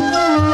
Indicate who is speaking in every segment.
Speaker 1: Música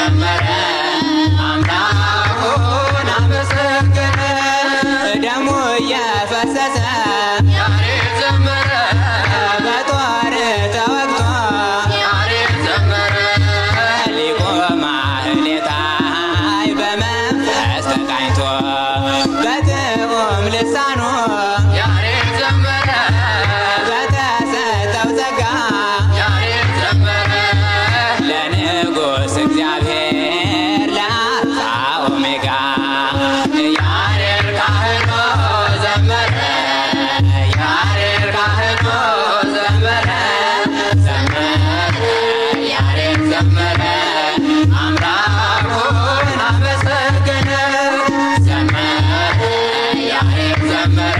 Speaker 1: ጀመረ remember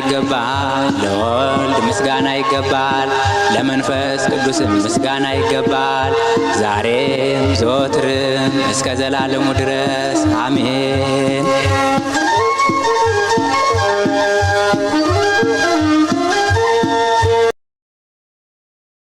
Speaker 1: ይገባል፣ ለወልድ ምስጋና ይገባል፣ ለመንፈስ ቅዱስም ምስጋና ይገባል፣ ዛሬም ዘወትርም እስከ ዘላለሙ ድረስ አሜን።